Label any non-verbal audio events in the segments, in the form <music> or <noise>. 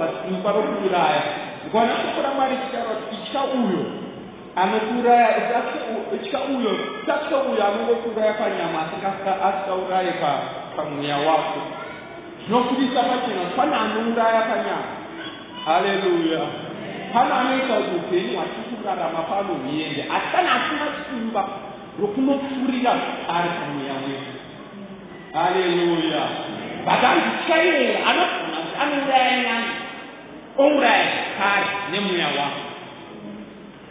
wasimba rokuuraya ukaona kukora mwari itya uyo anokuuraya itya e e uyo e tatya uyo anongokuuraya panyama asikauraye pamweya wako zvinokurisa pachena pane anouraya panyama haleluya pane anoita kuti upenyu hwati kurarama pano huende asi kana asina simba rokunopfurira ari pamweya wese haleluya bhatanzi tyaiyeye anogona kuti anouraya nyana Honra sai é, ne muyawa.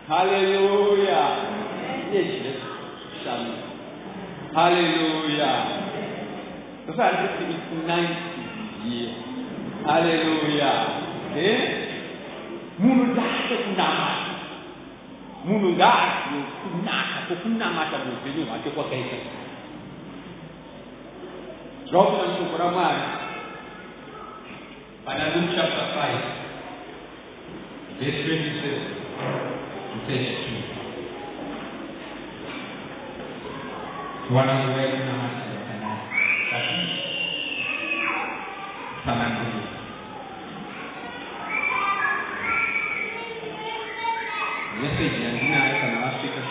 Haleluya. Yeşil. Şanlı. Haleluya. The fact that Aleluia, is nice to be here. Haleluya. Eh? Munu dahsa kunama. Munu dahsa kunaka. Kukunama tabu. Bini wa kekwa kaita. Drop Para to Kuramari. Banadum Espírito Santo, o texto. Wanaweza na masema lakini sana kuzuri. Message ya jina hapa na Afrika.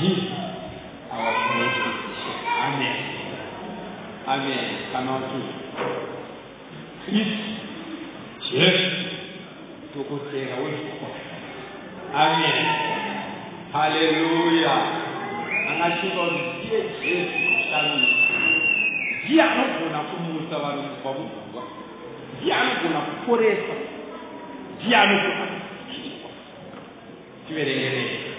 Jesus our Lord. Amen. Amen. on, watu. If Yesu tukusenga wekufa amen haleluya angashinga k u i ndiye jesu kushamisa ndiye anogona kumusa vanhu kubva mugungwa ndiye anogona kuporesa ndiye anogona kusikiwa tiverengerei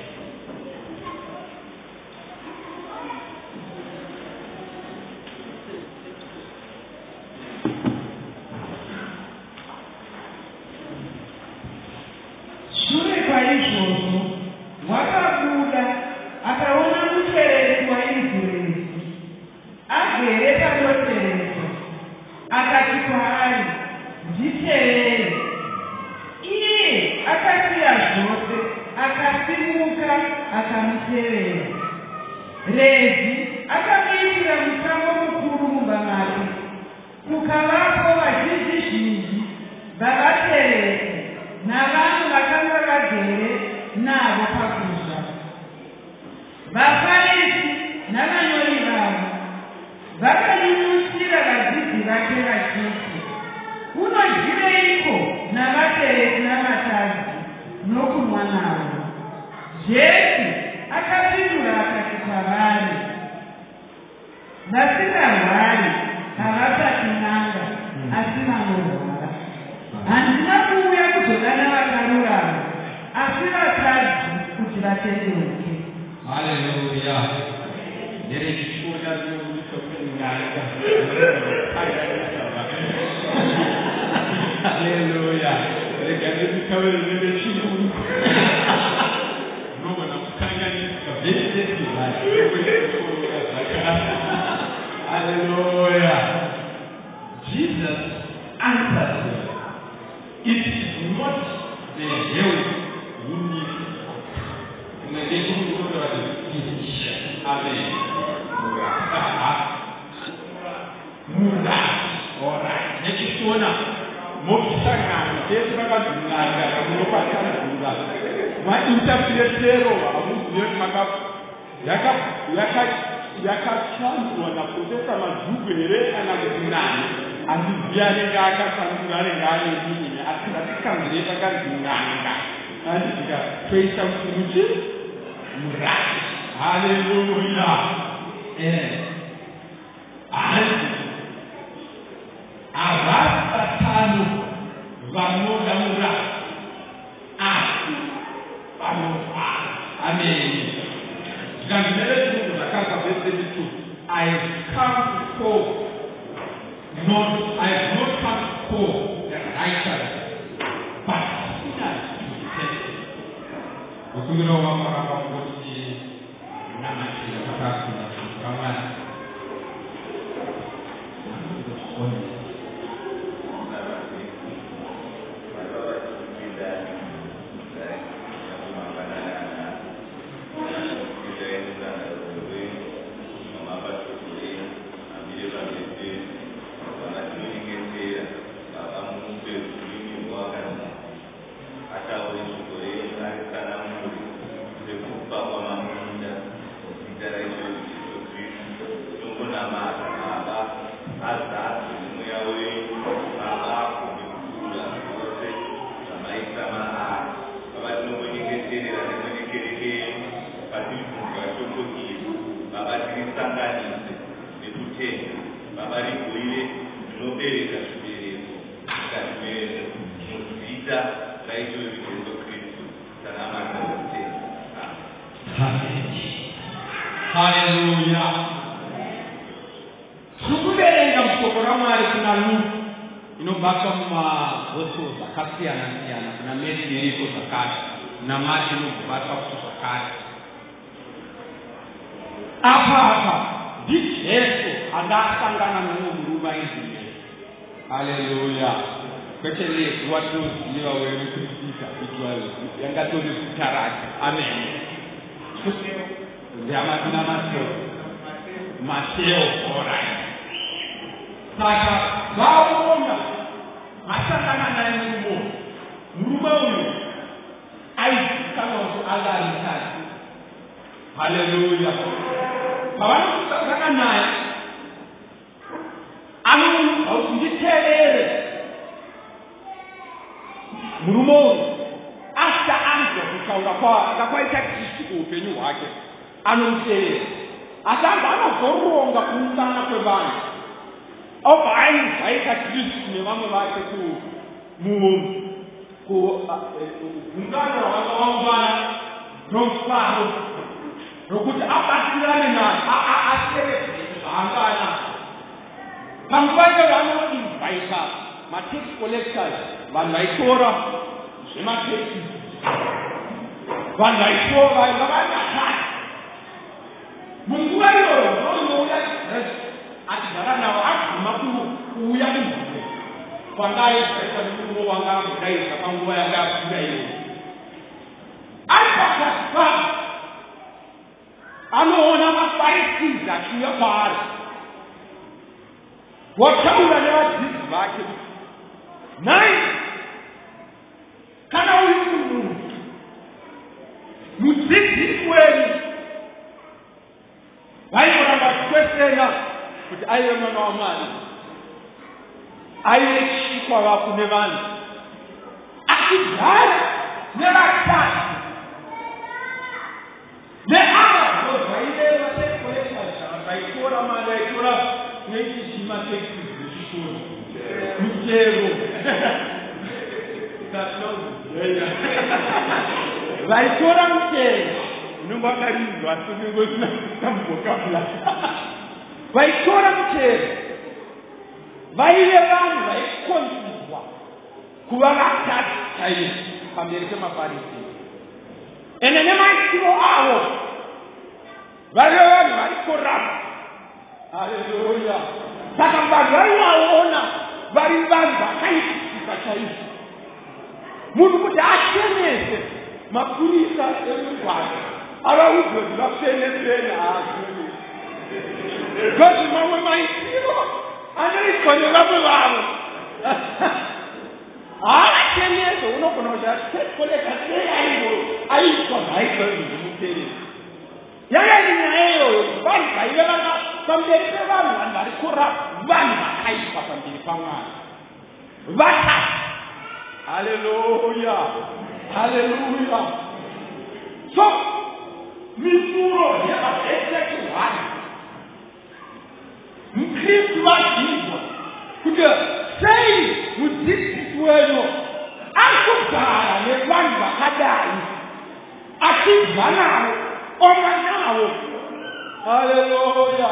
vavatereke navanhu vakanga vagere navo paguzva vafarisi navanyori vavo vaka kawai da zai ci kuti anenge akasanukura anenge ane ndinini asi ndatikanzire takandinanga anditika toisa kuti muti murai haleluya eh. nai kana uri kumuntu mudzidzisi wenu vaimoramba kukwesera kuti aive mwana wamwari aive chikwa vako nevanhu achidhara nevatati neava vozvaireva sekoresa zvavaitora mari aitora neichizvimatekizi zvechikoro mutero vaitora mutere unenge wakarinzwa sekengeinatambokabla vaitora mutere vaive vanhu vaikonzwa kuva vatati chaivo pamberi pemafarisi ende nemaitiro avo vaive vanhu vari korapa haleluya saka vanhu vaivaona vari vanhu vakaitisisa chaizvo munhu kuti acenese mapurisa emugwana avaudzwe kuti vapfenepfene haazvii kozvi mamwe maitiro anoitwa nevamwe vavo <laughs> haacenese unogona kuti aekoleka sei aivo aiitwa nhaikoizvi mupereri yanga ninyaya iyoyo vanhu vaive vaka pamberi pevanhu vanhu vari kurapa vanhu vakaipa pamberi pamwari vakaipa haleluya haleluya so mituro yavahesekuhana mukristu vazvinzwa kuti sei mudzidzisi wenyu ari kugara nevanhu vakadai achibva navo oma navo haleluya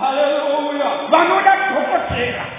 ٹھوکر بہر گا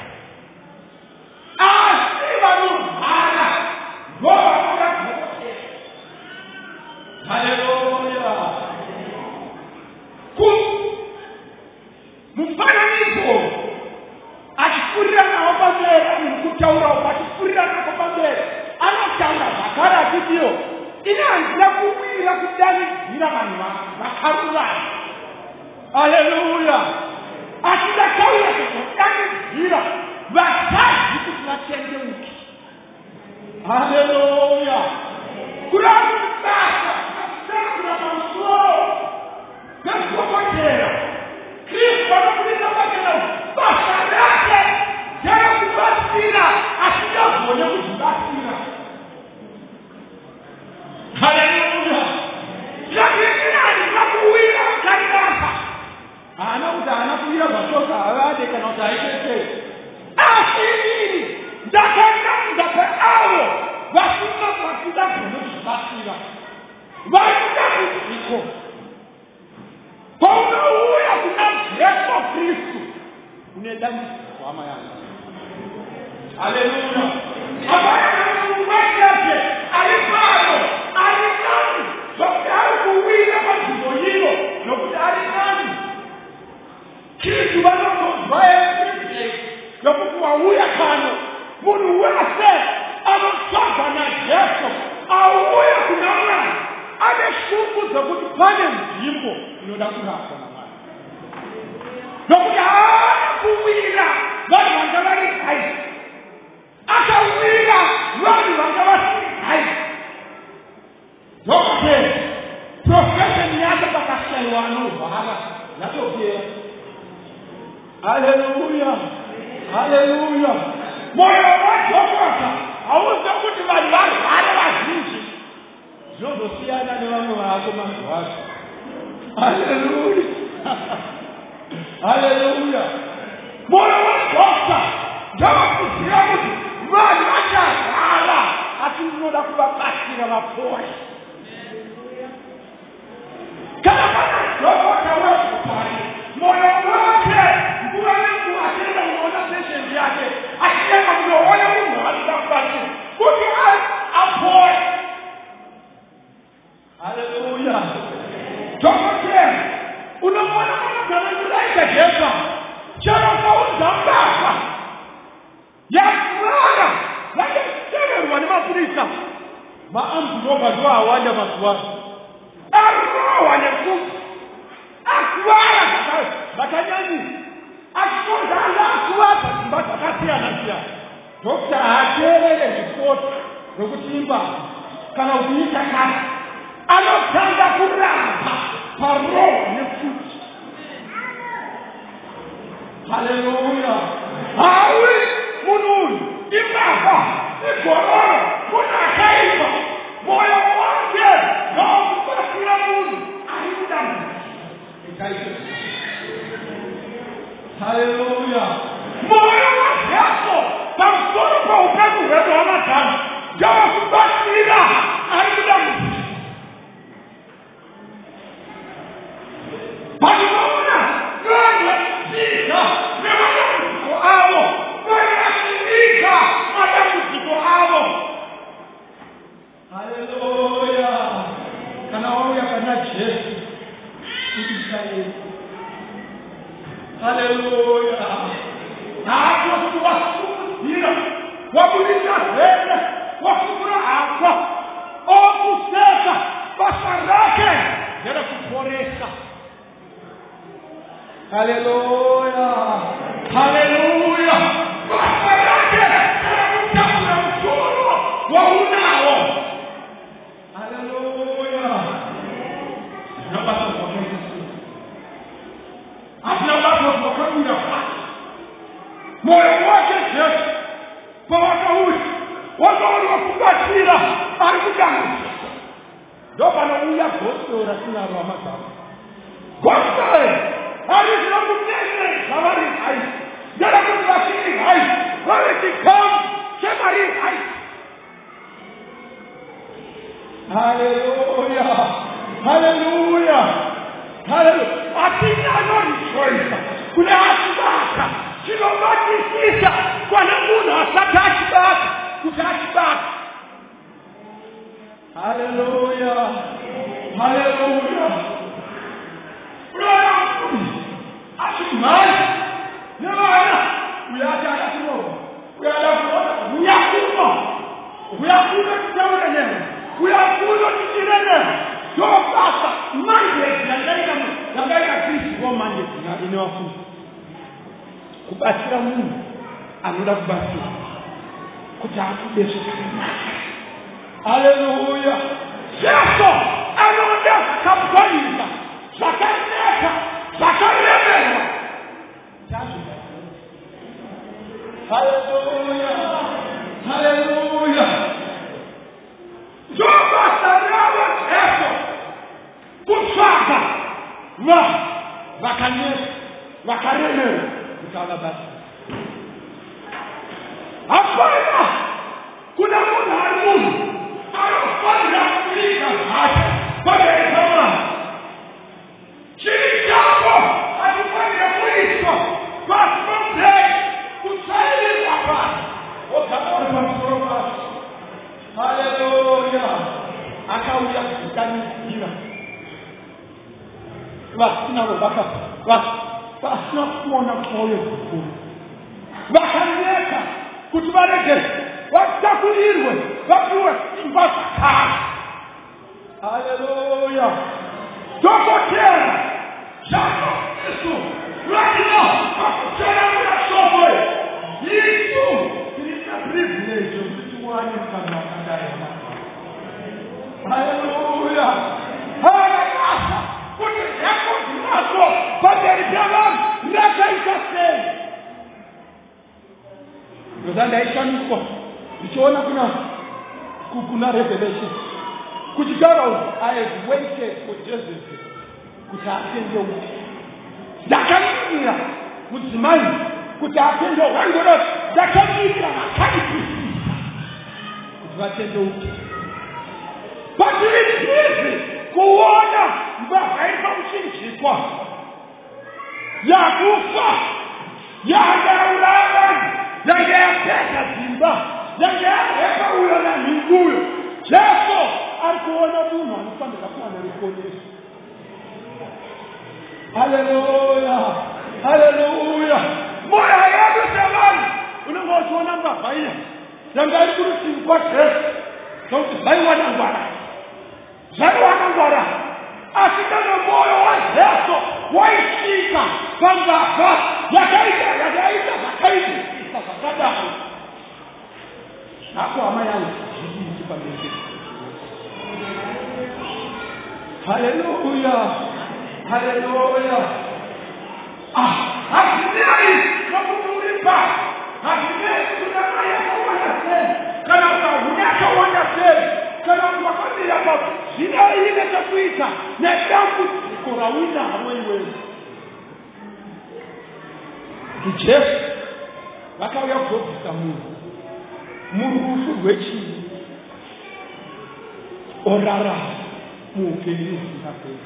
할렐루야. 할렐루야. 하지 말. 내가 아니야. 우리 아직 안 하시고. 우리 아직 안 하시고. 우리 아프고. 우리 아프고 때문에. 우리 아프고 때문에. Your pastor, mandate, and then you can get one mandate in your a o o d Kupatira Mungu, another battle. Kutaakubesu. Aleluia. Certo? Aleluia. Capitolina. Jacarneca. Jacarneca. Te ajuda. Aleluia. Aleluia. Joga essa grava certo. Puxada. Lá. Jacarneca. Jacarneca. Jacarneca. Jacarneca. nabo baka bafuna kuwona mwoyo mkuu bakaleka kuti balegere batakulirwe bapiwe mpaka haleluya tokotera chako kristu lwalino akutera mukashomwe yitu tilina privilege yokuti wane mkana wakadai haleluya pastor, but there is never never is the same. Mzanda ishanuko ichoona kuna kuna revelation kuti Pharaoh I have waited for Jesus kuti atende uti zvakamira mudzimai kuti atende hwangoroti zvakamira vakaipisisa kuti vatende uti but it is easy kuona mba haifa mshinjikwa yakufa yangeulaga yangeyateka simba yangeyaeka uyo na minguyo yesu alikuona munhu anofanira kuwana ruponeso haleluya haleluya moya yedu sevanu unengotiona mbavhaina yangairi kurisinkwa jesu nokuti vaiwanangwana Zanawanangora. Asikanamboyo wazeso waishika kwamba hapa yakaita yakaita zakaidi itasakadaku nako ama yangu jijinji pamenge haleluya haleluya ah hakinai nakumulipa hakinai kunamaya kawanaseni kana kahunyaka wanaseni wena makonile apho zinoyile sekuyiza netambu zikhorawina aweliweni ndijesu vakauya kuzobvisa munhu murufu rwechii orarama muupenyu husingaperi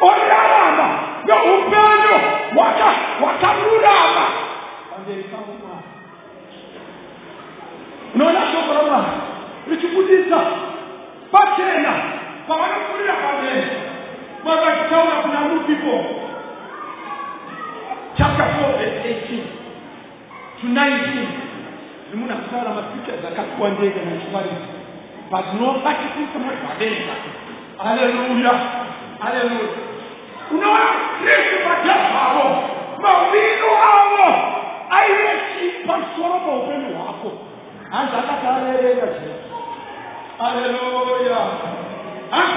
orarama noupenyu hwakarurama pamberi paumwari unaona shoko ramwari richibudisa pachena pavanofurira pamene vakachitaura kuna rupipo chapta 4 verse 18 to 19 zvi munhu akutaura mapicha dzakatwandei kana chimwaridzi but nobatikuisamaribadeeka aleluya aleluya unoona kristu madhavavo mavino avo aive chipamusoro paupenyu hwako hanzi akati arerera zvese Haleluya. Ah,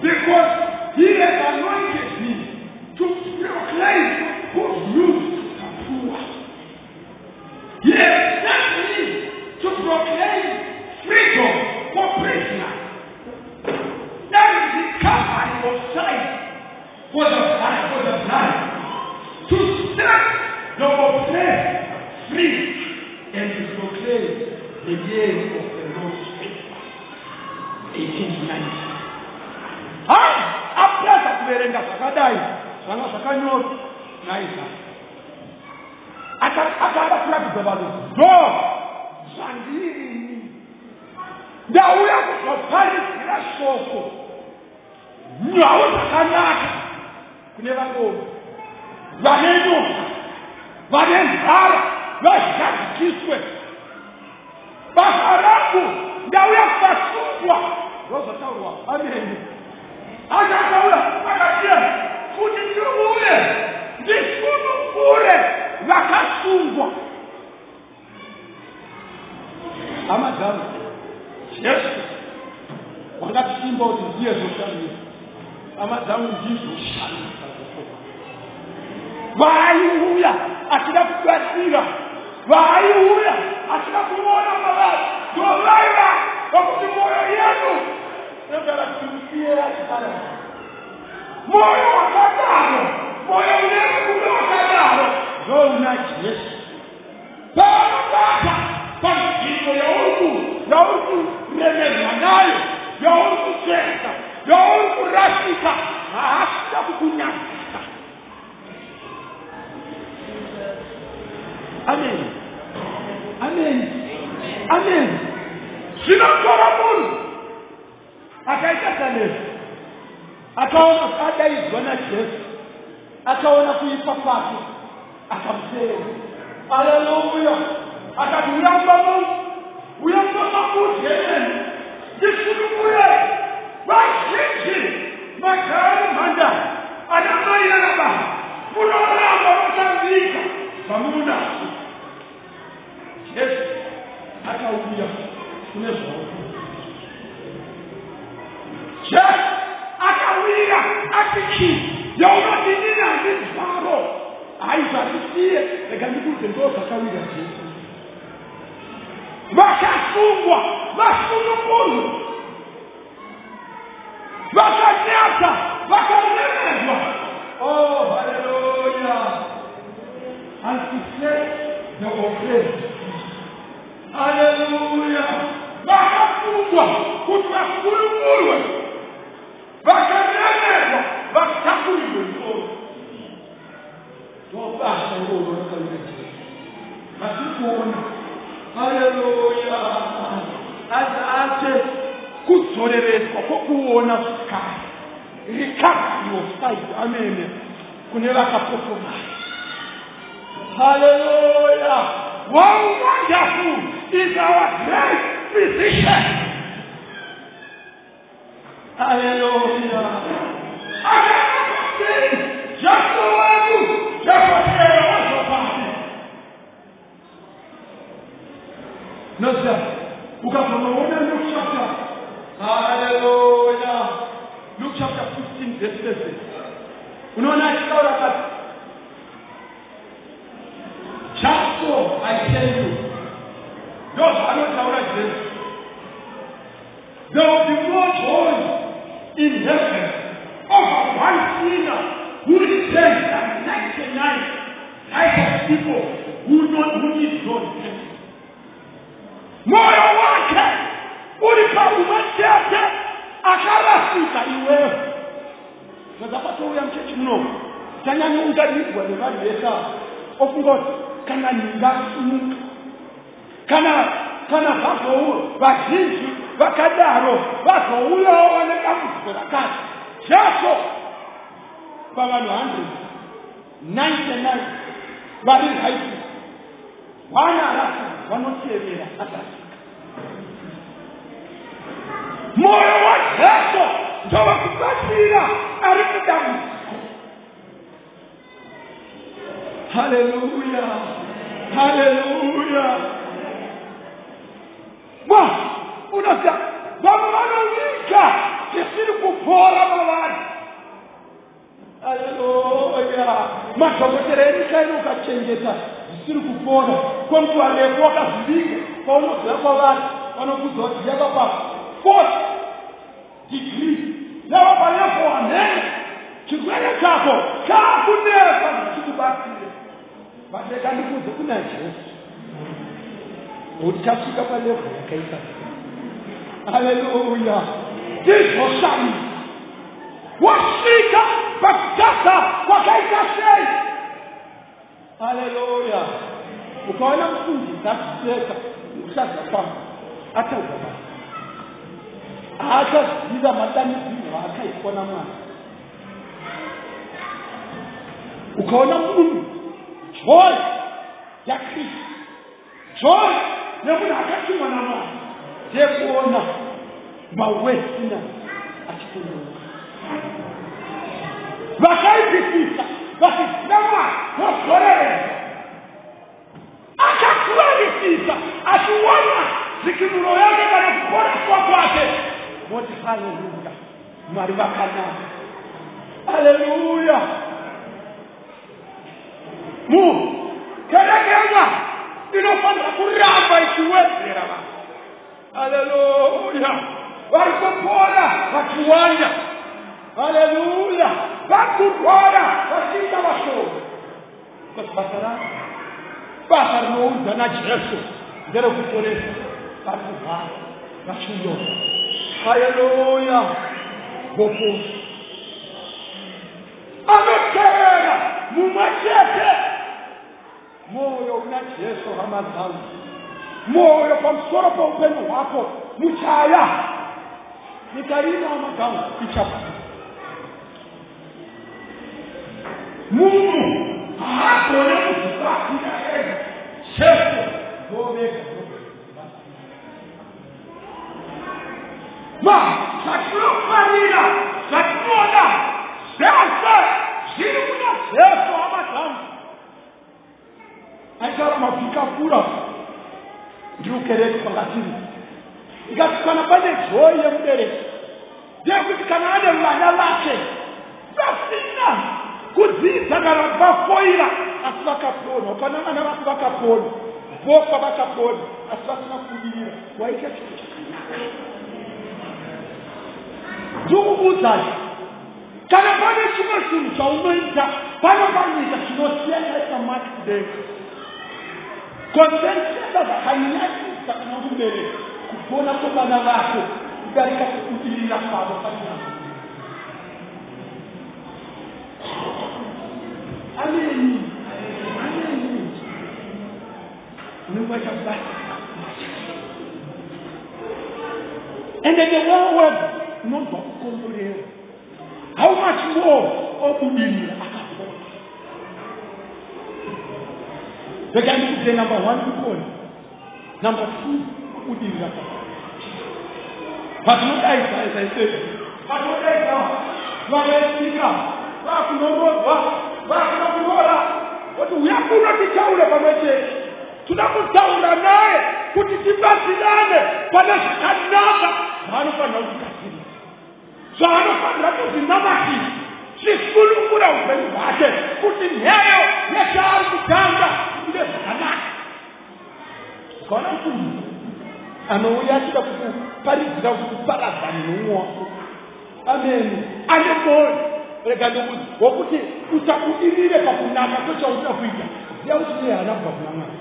Because he has anointed me to proclaim good news to poor. He has sent me to proclaim freedom for prisoners. That is the for the blood, for the blood. to set the oppressed free and to proclaim the year of the Lord's favor. 1890. akada kuratidza vanhu ndo zvandiini ndauya kuzvaparidzira shoko nhau zvakanaka kune vangoma vane nyuma vane nzara vazhadzikiswe basa rangu ndauya kuvasungwa ndozvataurwa amene achataura akatiya kuti ndiuye ndisunukure vakasungwa hama dzangu jesu wangatisimba kuti ndiye zoshamisa hama dzangu ndizoshamisa Aleluia! Atira para o pé de filha. Aleluia! Atira para o olho amarelo. Doleira! Vamos de morrendo. Eu quero aqui, que é a cara. Morreu acabado. Morreu mesmo com meu acabado. Jonas Jesus. Para casa. Partido é outro. É outro remelionário. É outro certa. É outro racista. Arrasta o cunhado. Amen. Amen. Amen. Sinatɔrɔmun. Akaikata le. Akawo na kada yi gbɔ na tse. Akawo na kuyi papa ati. Akamse. Aleluya. Akati wuya gbɔmɔ. Wuya gbɔmɔ k'o tse ɛn. Yisunu kuyɛ. Wa sisi. Makari manda. Adama yɛlɛma. Kunɔgɔla mɔgɔ sanfin. Famuna yesu aka obi ya ne sɔrɔ kyɛ aka wuli ya ati kyi yɛ ɔba ti ni na adi baaro ayi ba ti si yɛ ɛga ni kuru tɛntɛn ɔsa ka wuli ya ti ba ka sun wa ba sun no ba ka ne ata ba ka ne ne wa oh hallelujah and to play the offering. Aleluia. Barra tua, contra a tua mula. Vai cair a neva, vai ficar comigo. Tua parte, Senhor, eu também. Mas tu come. Aleluia. As artes, kutsorerezwa ko kuona sky rikasiyo side amene kune vakapopomai haleluya wauwonderful is our great physician. Hallelujah. I am saying, just the way you, just what you are also fasting. No, sir. Ukasoma wona Luke chapter. Hallelujah. Luke chapter 15 verse 7. Unaona akitaura kati. c h a p o e r I tell you because I don't know what this. There will be more joy in heaven over one sinner who repents than 99 types of people who don't who need no repentance. Moyo wake ulipa umetete akarasika iwewe. Sasa pato uya mchechi mnoma. Tanyani unga nikuwa nevali yesa. Of God, I ninga kana kana bako huyo bazinzi bakadaro bako huyo wanadamu kati jaso babano hundred ninety nine bari haiku wana alafu wanocherera atasi moyo wa jaso ndo wakupatira ari kudamu haleluya haleluya Basi unasema wamemalizika, sisi kuvora malari. Haleluya! machokotereni kaini ukachengeta zvisiri kupona kwomuti varepo vakazviviga kwaunoziva kwavari vanokudza kuti yava pa40 digrii yava palevo wanene chirwere chako chakunesa zvichikubatire madeka ndikudze kuna jesu utafika kwa level ya Kaisari. Haleluya! Ndipo sami washika bakata kwa Kaisari. Haleluya! Ukaona mkundi nakuteka ushaza kwamba hata ubaba hata jiza madani zima akaikona mwana ukaona mungu joy ya kristo joy na mu na akaki wɔn ano a therefore na ma wo esi na akyekye na wo bàtà ìdìtì bàtà ìdìtì wọn sọrọ ẹ akakura ìdìtì àti wọn na sikiriro ya kẹta na bọlá fọkọ mu kẹlẹkẹ inafanya furaha isiweze raha haleluya walipopona wakiwanya haleluya wakupona wasita washoma kwasipasara basa rinoudza najesu nderekutoresa varikuvhara vachiyo haleluya goposi anotera mumwe chete moyo unajesu ramazani moyo pamusoro poupenyu hwako muchaya nyika ino amagamu ichapa munhu haagone kuzvisakira ega chefu ndovega ma zvatinofarira zvatinoda zvese zviri kuna jesu amagamu Haikala mafika kula ndiukereke pakatini ikatikana pane zoi yemubereki ndeyekuti kana ane vana vake vasina kudzidza kana vafoira asi vakapona pana vana vako vakapona vokwa vakapona asi vasina kubudirira waita chiro chakanaka ndikukuudzai kana pane chimwe chinhu chaunoita pano panyika chinosiyana ikamakideka Convença za hainati zitakazo mbele kupona kwa Bwana wako katika kukutulia kwako fanya. Amen. Amen. Mungu atakubariki. And then the one word, no, but How much more? Oh, gẹ́gẹ́ bí ṣe number one ní kò number two kú di ìlú àpá. Pàtàkì àìsàn àìsàn ìṣe. Pàtàkì àìsàn lọ́wọ́ ẹ̀ṣíkà bá kú lọ́wọ́ wá bá kú lọ́wọ́ wá. Ó ti wúyà kú lọ́ti jáwó rẹ̀ bàbá ṣe. Tunaku sáwọn na náà kutiti basi náà padà ṣìkà náà. Sọ àánú fún àná òkú kàkiri. Sọ àánú fún àná òkú kàkiri lisikulunkulu awuveli wakhe futhi leyo yeshari kudanga ibe zanaka khona mfundisi anouyatika kukuparidzira kukuparadzana nomwe wako ameni aneboni rega ndikuti wokuti usabudirire pakunaka kwechaunoda kuita ziya kuti iye hana kubva kuna mwari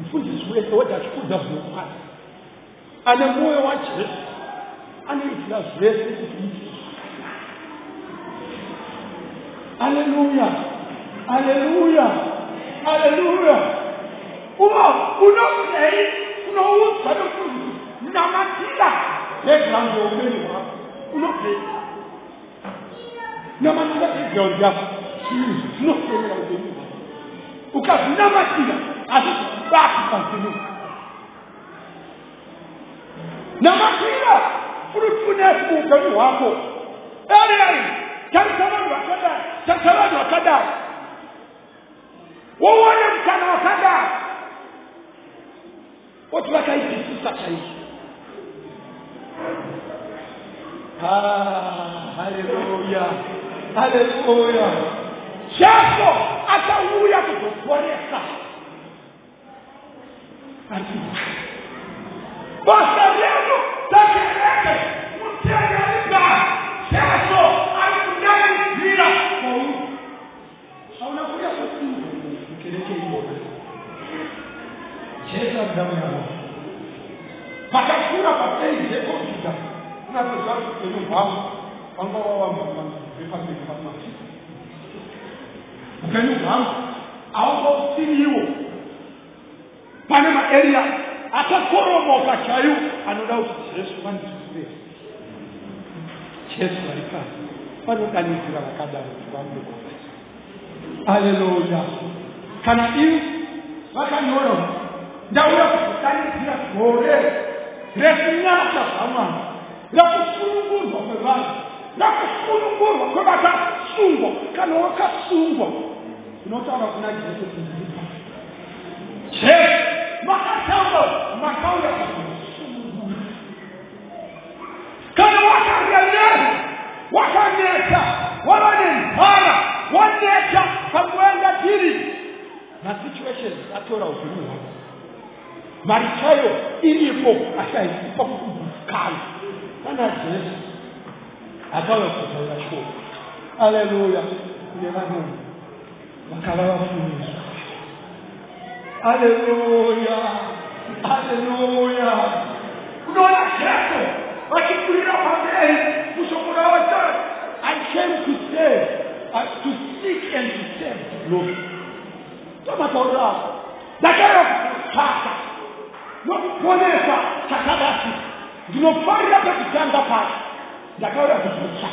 mufundisi wese wati achikudza zvinokwadi ane mwoyo wajesu anoitira zvese kuti Hallelujah. Hallelujah. Hallelujah. Uma, uno lei, uno usa no tu, na matila, te grande o bene wa, uno lei. Na matila te grande ya, no te na o bene. O caso na matila, a gente bate continua. Na matila, fruto nesse mundo que eu não hago. Olha aí kyɛnsɛbɛdu akada kyɛnsɛbɛdu akada wɔwɔ ne nkana akada wotu aka yi sisi sata yi haa hallelujah hallelujah kyɛnso aka wuya tutu bɔnɛ sa ati bɔsɛ bi a do sɛ katika damu ya Mungu. Matakula mapenzi yako kita. Na sasa kwenye mbavu ambao wao wamefanya kama sisi. Kwenye mbavu ambao si hiyo. Pane ma area kwa chayo anoda Yesu mani tusiwe. Yesu alika. Pano kanisa la kadari tuambe. Hallelujah. Kana hiyo baka niona ndauya kuzotanidzira gore rekunasa zvamwari rekusunungurwa kwevanhu rekusunungurwa kwevakasungwa kana wakasungwa tinotaura kuna jesu kuzipa jesu makataura makaura kana wakangenera wakaneta wava nenzara waneta pakuenda tiri masituations atora upenyu hwako marichayo ili ipo ashaipa kukali bana Yesu akawa kutoka shule haleluya kulema Mungu wakalawa Yesu haleluya haleluya unaona Kristo akikulira pambeni kushukura I came to save uh, to seek and to save glory. Toma taurao. Dakara kuonesha chakadasi ndinopfarira pekutanga pasi ndakauya kuzvitsva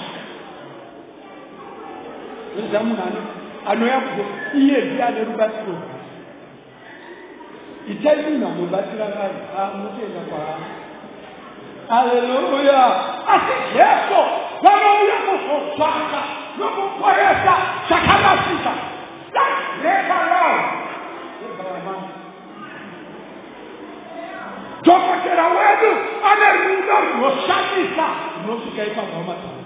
oza munhu ano anouya kuzo iye ndiye ane rubatsiro itai munhu anobatsira vanhu amutoenda kwaari haleluya asi jesu vanouya kuzotsvaka nokuporesa chakanasisa that's never love dhokotera wedu ane rudo rwoshamisa rinosvika ipabva matara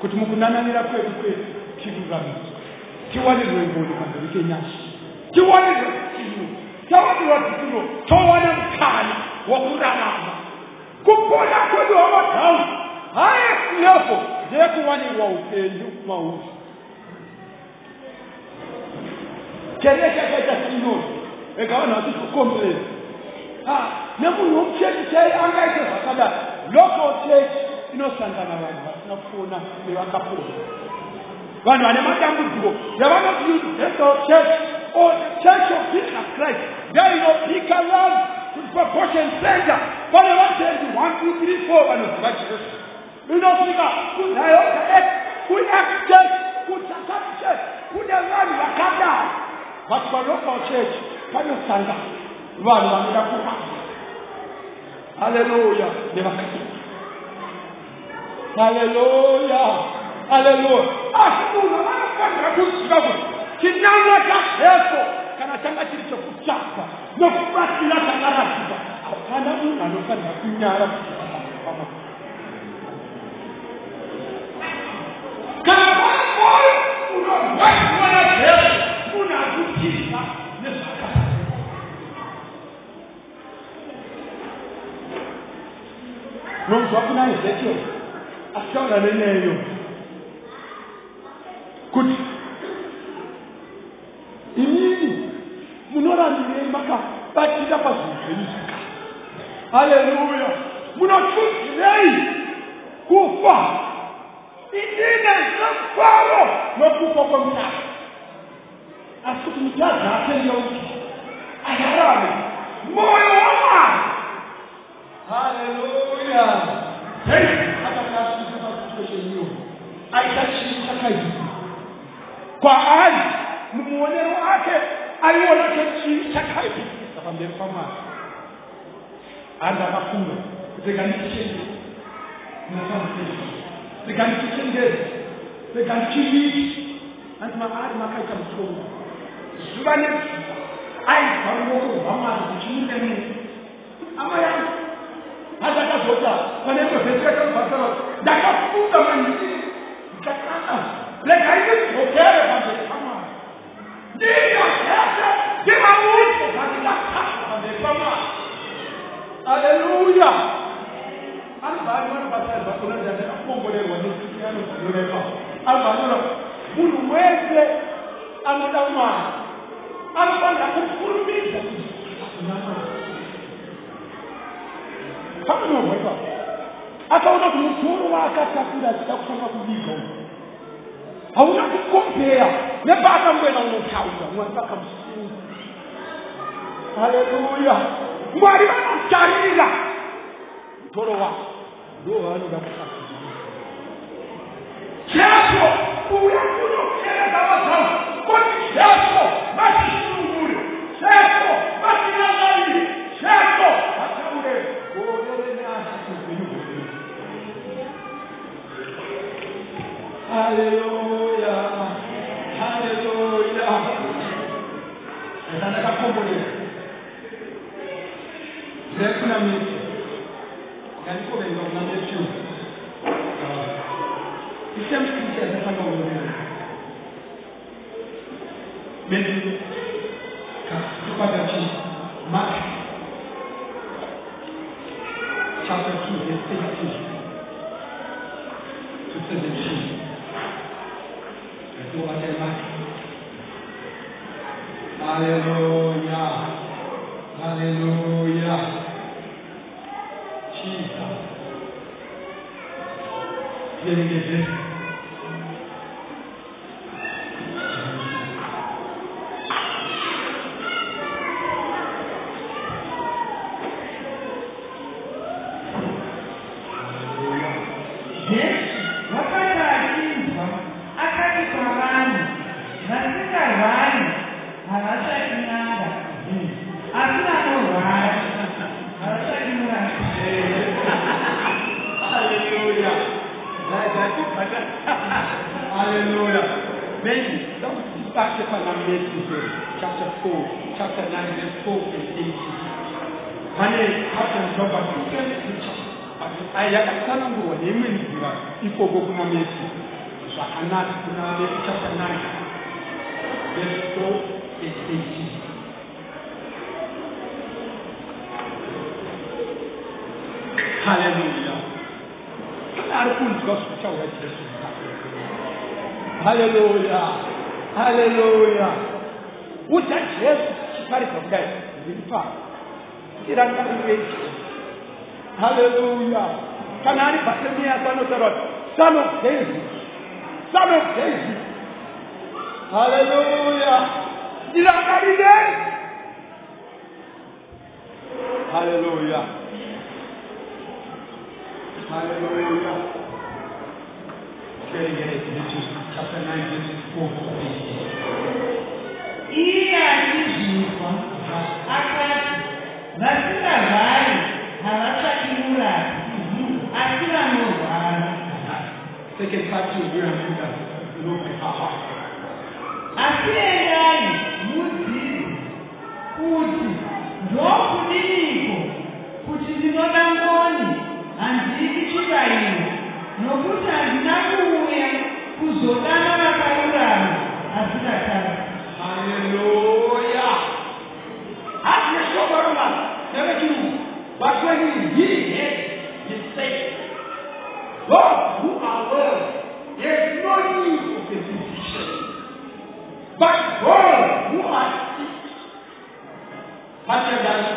kuti mukunananira kwedu kwedu tiruramise tiwanirwe ngoni pamberi kenyasha tiwanirwe kutiro tawanirwa dzitiro towana mukana wokurarama kupona kwedu hamadhau haesi levo ndeyekuwanirwa upenyu mauzi kereke akaita sinoi ega vanhu vatizokombereza na mu na ɔmfie ne kyɛe ankae sɛ fasada lɔka ɔkyerɛ ne ɔsanta na wadebasenafoɔ na ne wakapoɔ wọn wà ní madam dùgbò yẹ wọn fi ẹsọ church o church of jesus christ there is no bigger land to the proportion center for the one twenty one two three four and the five church you know bigger who die of the earth who earth church who chata church who the land waka down but for local church kind of standard. walilalamika kufa haleluya nibaki haleluya haleluya asiunaakanakakusibabu kinanga kaheso kana changa chiri chekuchapa nekubatira chakaratiba hapana munhu anofanira kunyara kana pamoyo unorwadziwa najesu munhu akutiza nomsɔkuna ezekiel asiɔna ne nyɛ yio kuti imini munora mine maka batida pazveupenyu haleluya munotudzirei kufa idine nefaro nokufa kwemunaka asi kuti mutadza atendeuti ayarame moyo wamwari haleluya Hey, hata kazi kama situation hiyo. Aitashirika kazi. Kwa ahadi mmuone roho yake alionacho shirika kazi. Nakwambia kwamba anza mafungo. Ziganishe. Mnasema kesho. ngezi. Ziganishe anti maari makaita musoro zuva nezuva aibva ruoko rwamwari kuchimunemunhu hama hata moja maneno yasiyokuwa mfano dakafunga maneno dakana leka hivi hokere pande kama ndiyo sasa kila mtu katika kasa pande kama haleluya alibali wana pasaba unaanza tena kuongolewa ni kiano kuongolewa alibali ulu weze anadamana alibali akufurumisa kunamana hakuna uwezo akaona kumutuura akatafura zitakusanga kubiga hauna kukompera nepaka unotaura mwari vakamusunga haleluya mwari vanotarira mutoro wako ndiwo vaanoda kusaa jesu uya kunokereza vazamu koti jesu vazvishunguri jesu Many Hallelujah! Hallelujah. Did I carry them? Hallelujah. Hallelujah. Very great. This is chapter 9, this is 4. Ila izifa akati vasingarwari havatsvakimurazvi asi vanorwara. Second part to asi endai mudzizi kuti ndokudiniko kuti ndinoda ngoni handiri chibayiro nokuti handina kuuya kuzodana vakarurama asikatara aeluya asi nesokoroma nevechiu vakwenihihe ndisei Maka dari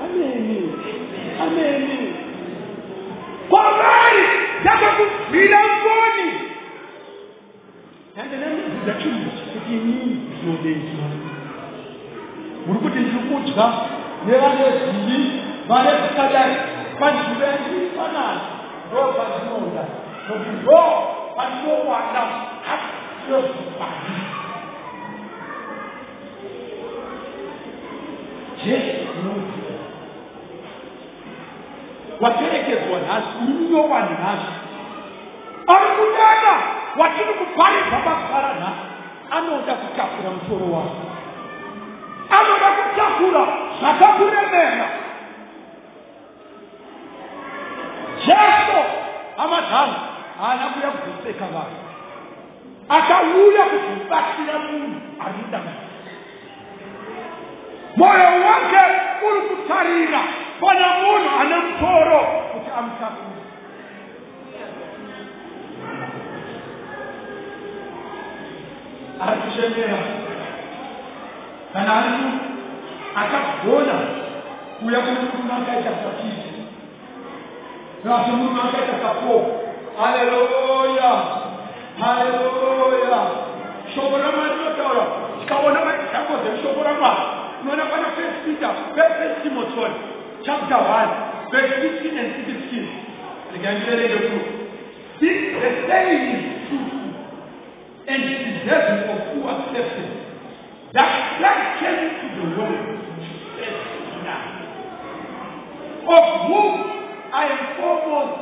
Amém, amém. Qual vai? Já o o sacrifice is ready. Ameni. Ameni. Kwa mbali yako bila ngoni. Yandele lakini sikini zodenzi. Murukuti ndikudya nevane zivi vane kukadai panjivenzi panani ndo pazvinonda nokuti ndo patinowanda wapeleke bwana mlio wa nasi alikutana wakini kupale babakarana anoda kuchakura mtoro wako anoda kuchakura akakuremera jeso amadhamu anakuya kuzoseka vanhu akauya kuzobatsira munhu anoda moyo wake uri kutarira fana munhu ane musoro kuti amutakure ari kushemera kana ari akagona kuuya kune murume akaita sapiri rasi murume akaita sapo haleluya haleluya shoko ramwari rinotaura tikaona matambo dzemushoko ramwari unoona pana first peter first chapter 1, verse 15 and 16. Ẹ̀gàmílẹ́lẹ́ yóò kú. Since the saying is truthful and deserving of full acceptance, that Christ came to the world to save now. of whom I am foremost,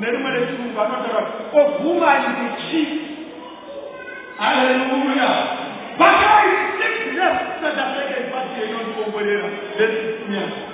mẹ́rìnmẹ́rẹ́ tí mo of whom I am the chief. Hallelujah. Bàtà yìí six reps ṣẹ̀dá lẹ́gẹ̀ẹ́ ìbáṣe yẹn ní owó lera. Lẹ́sìn mi à.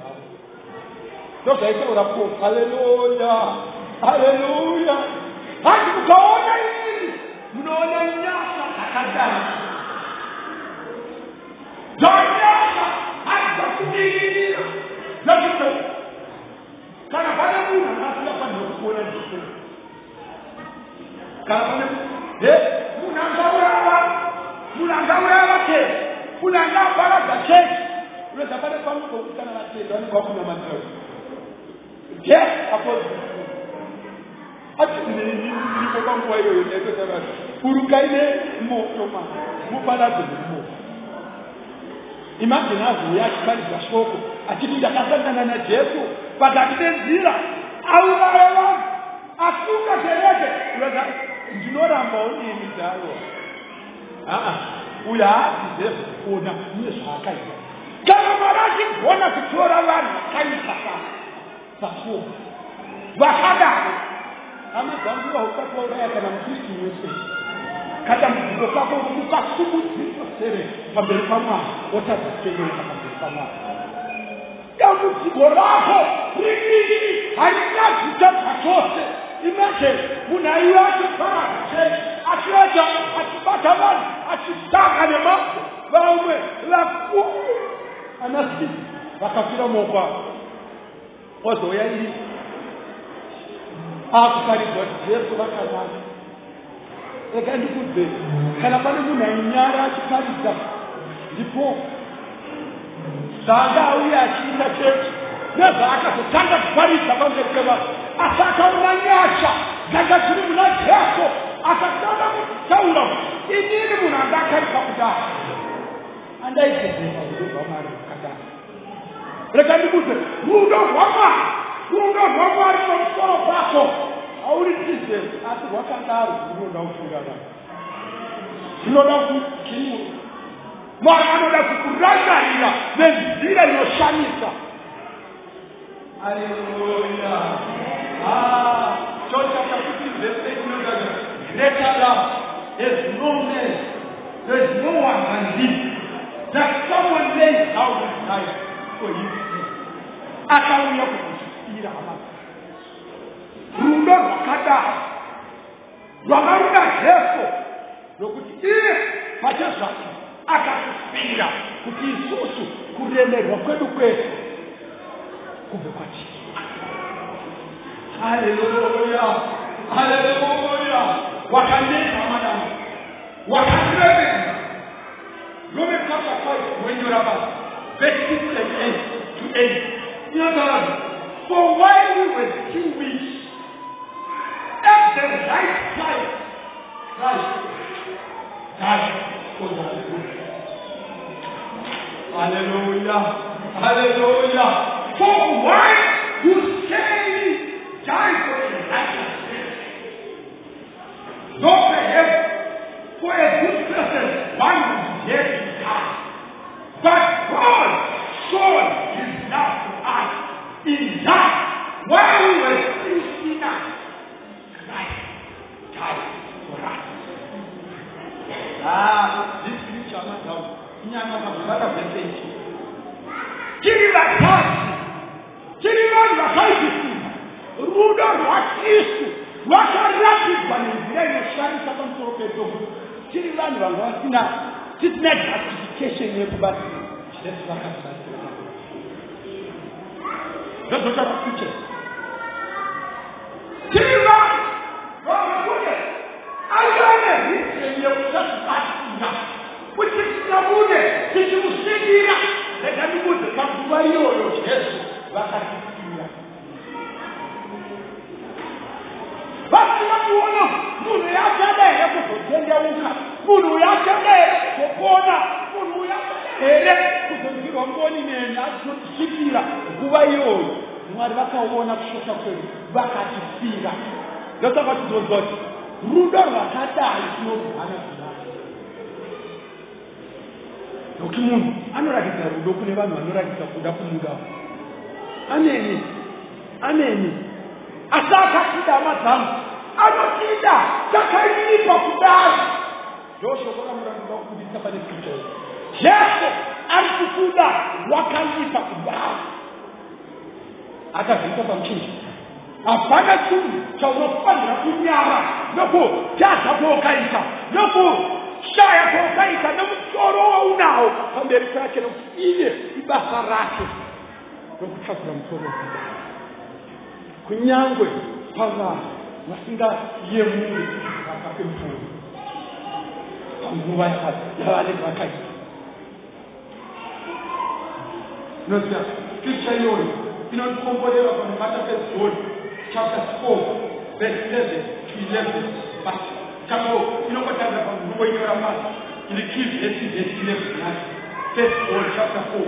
Doka yake unakuwa haleluya. Haleluya. Haki mkaona nini? Mnaona nyasa akadana. Nyasa hata kujingia. Lakini kana bana muna nafsi hapa ndio kuona nini? Kana bana eh munangaura munangaura wake. Unangaa bara za cheki. Unaweza pale kwa mtu ukutana na cheki, yani kwa kuna matatizo. ye aoatiiokanguwaiyoyoeeaurukaile motoma mubaladomo imagine avuya achibali zvashoko achiti ndakasangana najesu patakitenzira auvare vanhu asuka zvereke ndinorambawo nemi dzavo aa uyo haadizeze kuona nezvaakaita kana mari achigona kutora vanhu akaisa kaa parcours. Wahada ama kuambiwa utakuwa uraya kana mziki nyusi kata mzigo kwako ukupa sumu zito sere pamberi pa mwana otazitengeleka pamberi pa mwana yamu mzigo lako rinini halina zitata zose imagine munaiwaje mpaka akipata mali akitaka ne mambo waume lakumu anasi wakafira mwokwako ozouya ii akufaridzwa jesu vakadaro rega ndikudze kana pane munhu ainyara achifaridza ndipo zvanga auya achiita chechi nezvaakazotanga kufaridza pamberi pevanhu asi akaona nyasha dzanga dziri muna jesu akatanga kutaura inini munhu andakaripa kudaro andaitezeka uuva mari rega ndibuze rudo rwamwari rudo rwamwari pamusoro pako hauri jesus asi rwakadaro runoda kufungana zinoda kuu mwari anoda kukurangarira nenzira inoshamisa aleluya ah, chochakakutiveeinoaeaa ezinone ezinowanga ndii that someone lays out his life wayi aka wo yɛ kɔkɔ yira ama rumbe wakata wamaruna hefo lokuti iye machezwa akasipira kuti isusu kuremerwa kwedu kwedu kubve kwachiso haleluya haleluya wakanena madamu wakanena lomekakwakwai wenyora basa beginning to for while we were still weak, at the right time, Christ died for the Hallelujah. Hallelujah. For why you say die for the righteousness, not perhaps for a good person, one dead But God dan bahkan bantu Saudara-saudara kucing. kuti munhu anoratidza rudo kune vanhu vanoratidza kuda kumudao ameni ameni asi akatida hama dzangu anotida takaipa kudaro ndoshoko ramuraiba kufundisa pane sikrito iyi jesu ari kukuda wakaipa kudaro akazivisa pamuchinji hapana chinhu chaunofanira kunyara nokutadza kwaukaita noku É a Fonseca não chorou a unal americana é que não filha e basaracho nokuthazira msolozi kunyangwe phaka masinga yemuli akapemfuni pamvuva yavale não notia scripture iyoyo inotikombolela kone matapezoni chapter 4 verse 7 to 11 but in the key chapter 4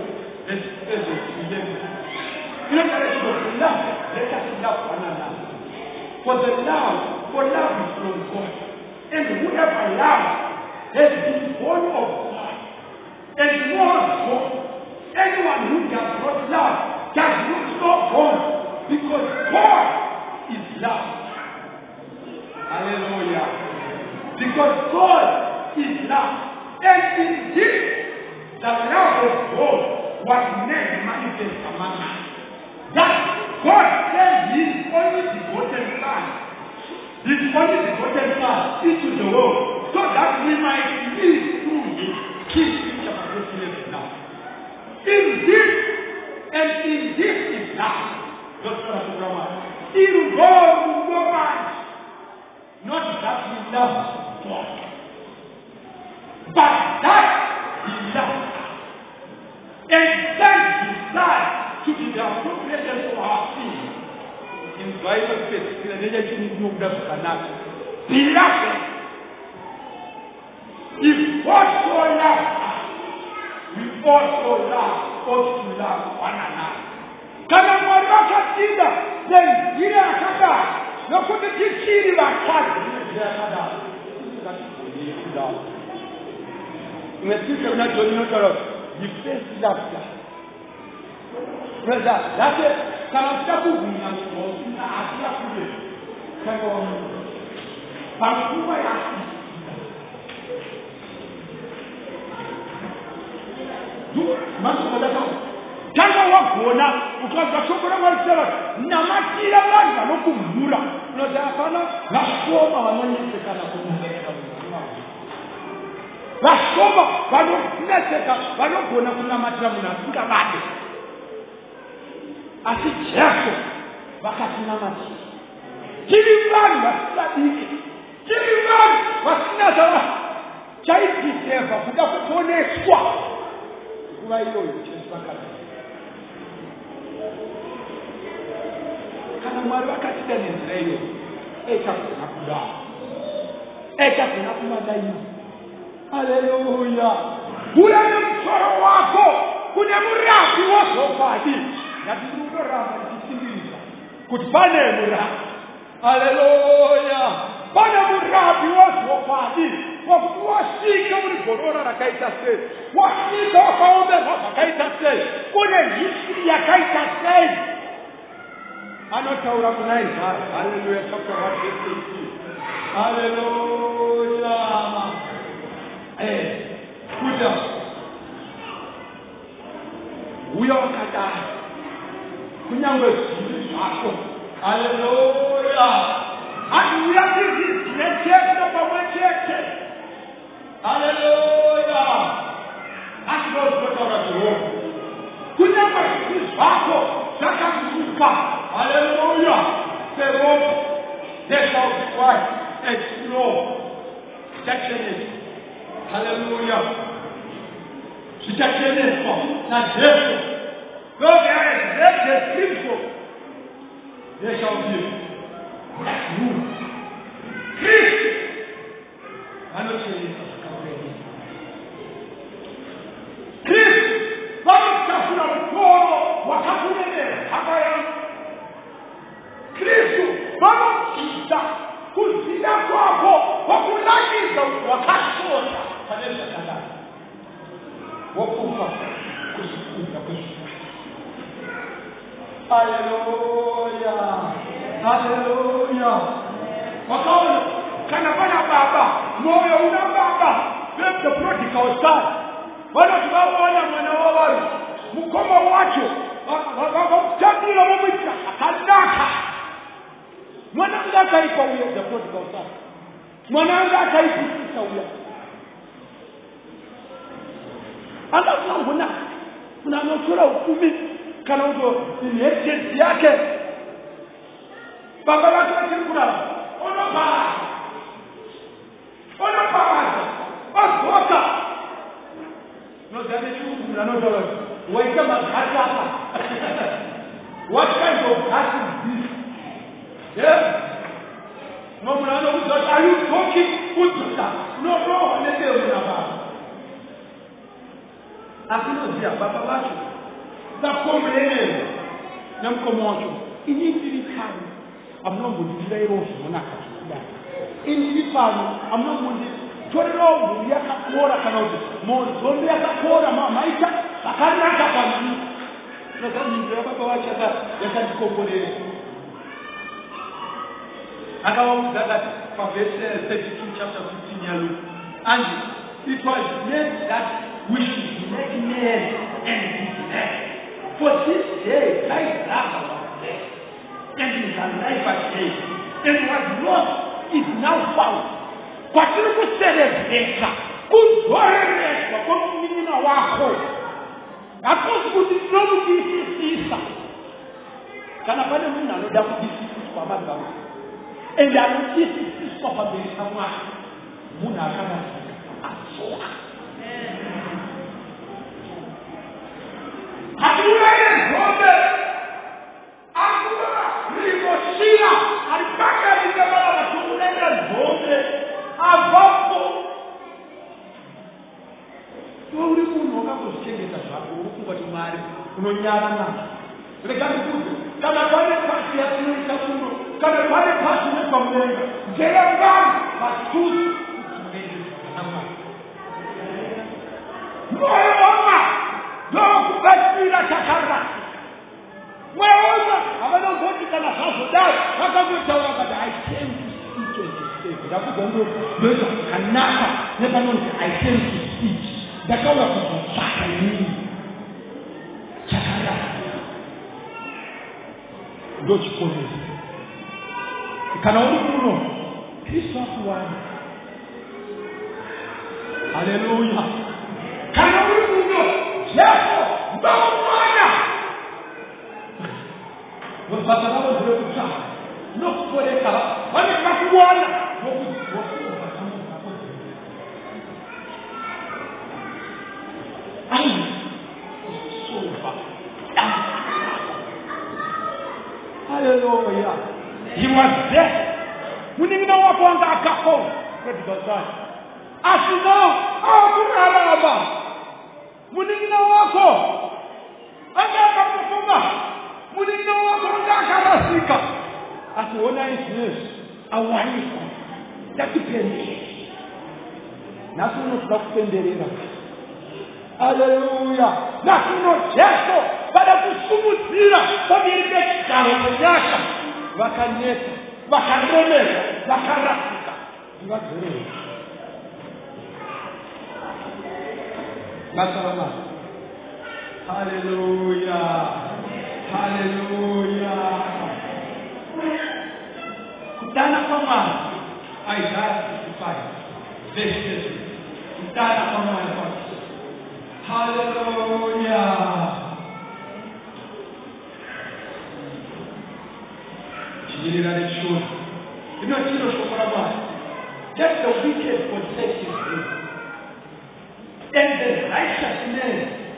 love let us love one another for the love for love is from God and whoever loves has been born of God and one, God anyone Because God is love. And in this, the love of God was made manifest among us. That God sent His only begotten Son, His only begotten Son into the world, so that we might live through Him. His future is now. In this, and in this is love. Dr. Abraham, in God, no man, not that we love. But that desire, and that desire to be the appropriate for our sin, in Bible faith, in the nature of the Bible, beloved, if God so loves we also love, ought love one another. Kama mwana kasinda, then yile akaka, na kuti kishiri la kazi, yile akaka, kati kwenye kudao. Il me dit e notre Dieu, notre Dieu, il fait ça. Brother, that's it. Can I stop with you now? I stop with you. Can I go on? But who I ask you? Man, so that's all. Tango wa kuona ukaanza shukuru kwa sala na makila bali na k u m v u a Ndio hapana na k o m b a wanyenyekeana kwa vashoma vanoneseka vanogona kunamatira munhu asingabade asi jaso vakatinamatira tiri vanhu vasingadiki tiri vanhu vasina zava chaidiseva kuda kuponeswa nguva iyoyo jesu akati kana mwari vakatida nenzira iyoyo echagona kudaa echagona kumadaiwa haleluya kune mutsoro wako kune murafi wezvokwadi ngatiiundoramba tichisimbiza kuti pane murafi haleluya pane murafi wezvokwadi wokuti wasvike uri gorora rakaita sei wasvike wakaomerwa zvakaita sei kune hisiri yakaita sei anotaura kunaizvaro haleluya chakuta vaeeii haleluya 예, 부정, 우연하다. 그냥 그 길을 잡고, 알렐루야. 아니, 우연히 내 책도 보면 책책. 알렐루야. 아니, 그걸 떠나지고. 그냥 그 길을 잡고, 잠깐 죽을까. 알렐루야. 새로운 내 사업과 엑스로 섹션이 Aleluia. Se tu as créé l'enfant, la grève, quand il y a une Cristo, c'est ce qu'il faut. Deixa o Dieu. Cristo, vamos caçar o povo, o acaso de Deus, Cristo, vamos quitar. kuziya kwabo bakulagiza wakashona kaneza kadhaa wakufa kusukuza kwesu haleluya haleluya wakaona kana bana baba moyo una baba the prodigal son wana tunaona mwana wao mkomo wake wakamtambula mama akadaka mwanangu akaikwa huyo jakoti mwanangu akaipitisha huyo alafu naona unanochora ukumi kana uto inheritance yake baba wake akikula onopa onopa osoka nozane chungu nanodoro waika makati hapa what kind of heart nomuna anokuzati are you talking kudhuda unoroha nembeona baba asinoziya baba vacho vakomeeneva nemukomo wacho ini ndiri pano amunombondirayirawo zvinonaka zvokudai ini ndiri pano amunombondi torerawo mhuri yakakora kana kuti mozombe yakakora mamaita zvakanaka pandii nozamindira baba vacho yakandikomborera Another one is that, that Confession 32, chapter 15, yellow. And it was meant that we should be make men and be men. For this day, life that our death. And it is a life at age. And what lost is now found. Continue to say that data. Good warriors for coming in our home. Apostle did not be his sister. Kana pale mimi naloda kubisi kwa baba wangu. a notícia que só para ver estavam lá. Munagada, a sua. É. É a Hakuna ng'ombe, não limoshina, alitaka lingemala natungenga o avapo. vai tomar, wakazozvichengeta zvako uri kungoti mwari unonyarana. Regai kuti kana pane pasi yatinoita kuno So the não é me from vai vir was choose Não é kubashira chakara. não vou ngotika na casa. hapo dai akakuta wakati I came to speak and to save. Ndakuja ndio ndio kanaka never known I came to speak. Ndakawa kutaka nini? Chakara. Ndio chikoni. You a only know His word. Hallelujah. a n only know. e r e o r e no fire. Wafatana wazile k u c a No kukoleka. Wale kakuona. a a Aleluia. He was there. Mo ní nínú wọn fọ́n dáa kakọ́. Where did God die? Àṣìná ọkùnrin ara ọba. Mo ní nínú wọn kọ́. Ẹgbẹ́ ẹ̀ka tuntun bá. Mo ní nínú wọn kọ́ dáa kára sí ìkà. Àti wọn náà yìí sinú àwọn ayé kan. Dẹ́kun pẹ̀lú. Nàásùn náà ti dọ́kú pẹ̀lú rẹ̀ náà. Hallelujah. Na kuno jeso baada kusumu dira kwa mirike karo yaka wakanyeta wakaremeka wakarafika iwagurei masalama haleluya haleluya kutana kwa maji aidadi kufanya vesi kutana kwa maji haleluya million and it's shown. You know, it's not for a That's the wicked possession. And the righteous righteousness,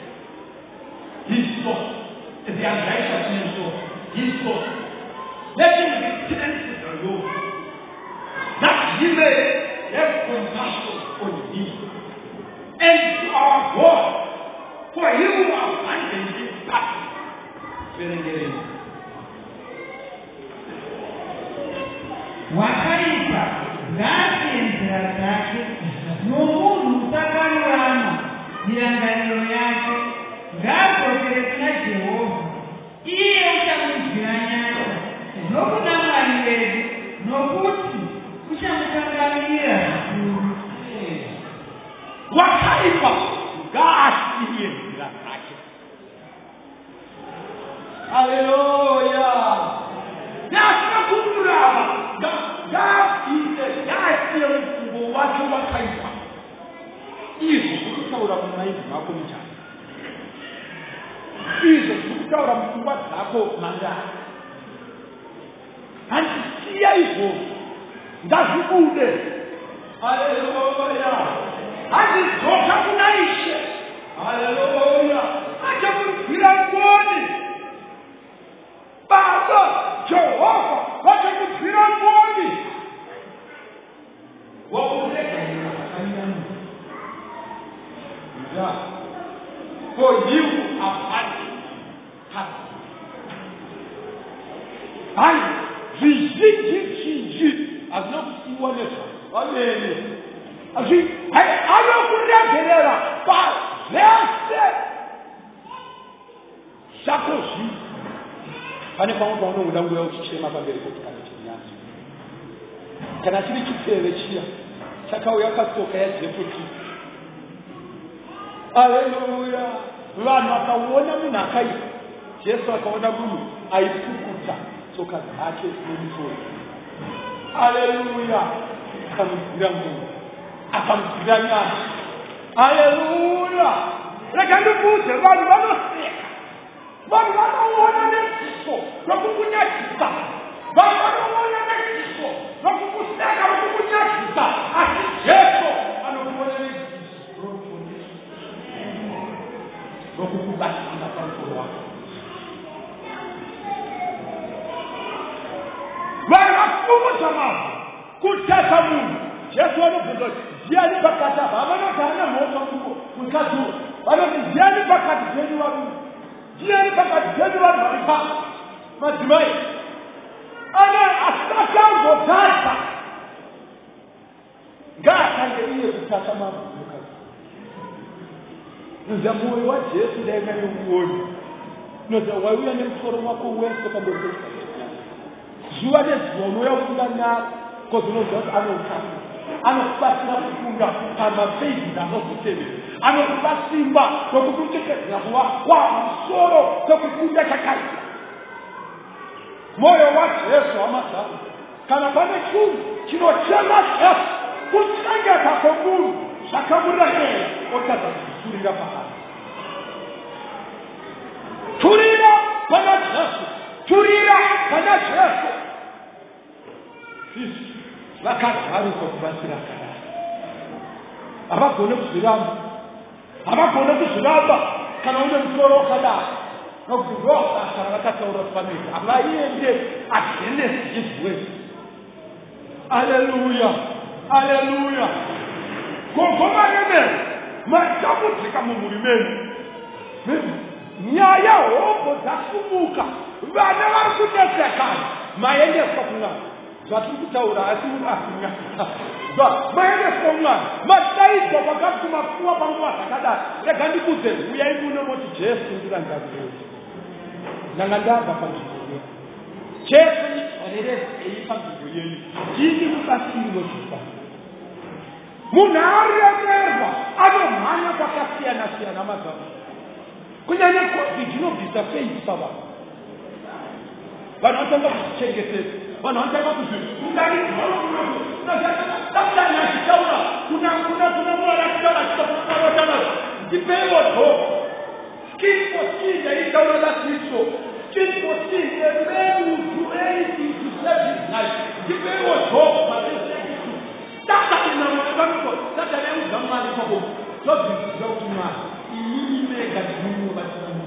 his thought. The righteous unrighteousness of his thought. Let him return to the Lord. That he may have compassion on him. And to our God, for you are abandoned in battle. Very, very Wakaita zake njia zake, Mungu mtakalama miangalio yake ngakokerekina Jehovha iye uchamudzira nyasha nokuda wedu nokuti uchamutangamira zvikuru iya. wakaipa iya. ngaasiye nzira dzake haleluya maindi mako muchana izvo zviri kutaura mupfungwa dzako mangana handi siya izvozvo ngazvibude aeoya handi dzoka kuna ishe aeoya achakubvira ngoni baba jehovha vachakubvira ngoni Coiu a paz. Pai, visite as não se olha só, olha ele. Assim, aí eu queria parece sakosi. Pane pamwe pamwe nomudango wekuchema pamberi potikana chinyazi. Kana chiri chipfeve chiya, chakauya pasitoka yazepo chii aleluya vanhu akaona munhu akaipa jesu akaona munhu aipukuta tsoka dzake nemusoro aleluya akamudzira munhu akamudzira nyasha aleluya rega ndibuze vanhu vanoseka vanhu vanoona neziso rokukunyadzisa vanhu vanoona neziso rokukuseka rokukunyadzisa asi jesu kó kúkú bá nígbà tó ń tó wá. wọ́n yà kúkú sọ̀mọ́ kú tẹ́ sọ́mu jẹ́ fún ọdún fún lọ jẹ́ ní bàkàtà bàbá náà kà á nà mọ́ sọ fún kún ká tó wọ́n yà jẹ́ ní bàkàtà jẹ́ ní wà lù jẹ́ ní bàkàtà jẹ́ ní wà lù nípa má ti mọ́ yìí. ọ̀nà àtàkà wọ̀ gáàsà gáàsà yẹ iye kúta sọ́mọ́. nze moyo wajesu ndaenga nemuoni noza waiuya nemusoro wako wese pamoo zuva nezuva unouya kufunga naro kaze unoziva kuti anoutaa anokubatsira kufunga pamabeizini ako kutevera anokuva simba nokukuchekedza kuva kwamusoro kwekufunga chakaita moyo wajesu wamazau kana pane chinhu chinochema jesu kutsengeka kwemunhu zvakamurerera otadzakuva turira pahali turira panacho yesu turira panacho yesu kristo bakati baruka kubagira kanaka abagone kuziramba abagone kuziramba kana uje mutoroka da no kuroka kana bakataura famili abayende agene sizwe aleluya aleluya kokoma nemero machakudzika mumuri menu nyaya hombo dzasumuka vana vari kudetsekana maendeswa kumwana zvatiri kutaura asi asinyaa maendeswa kumwana mataidzwa kwakatumapfuwa panguva zvakadai rega ndikudze uyai muno moti jesu ndirandakuei ndanga ndabva panzvimbo ye jesu nitarere zei panzvimbo yenu ndini mubatsiri wezvekwadi Munária nerva, anomalia kwa kasi ya nasia na mazao. Kunyanya kofi dinobiza feyisaba. Vanotanga kuchengeteza, vanotanga kuzviri. Kudari ndakana nditaura kuna kuna kuna mwana kutaura kutaura kutaura. Ndipewo dho. Skin for skin nditaura lakristo. Skin for skin the man who created to save his life. Ndipewo dho mabese. That is not very good. That is not normal people. Not the document. Illuminate that you know that you know.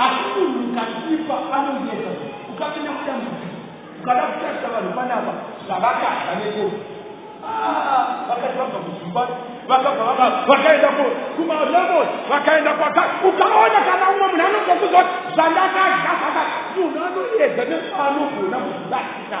Asiku ukatipa ano yesa. Ukapenda kuja mtu. Ukada kuja sawa nipana hapa. Sabaka kaneko. Ah, wakati wako kusumbani. Wakati wako wakaenda kwa kuma lemo, wakaenda kwa kaka. Ukaona kana umo mnano kwa kuzo. Sadaka kaka. Unano yesa. Ano kuna kudakika.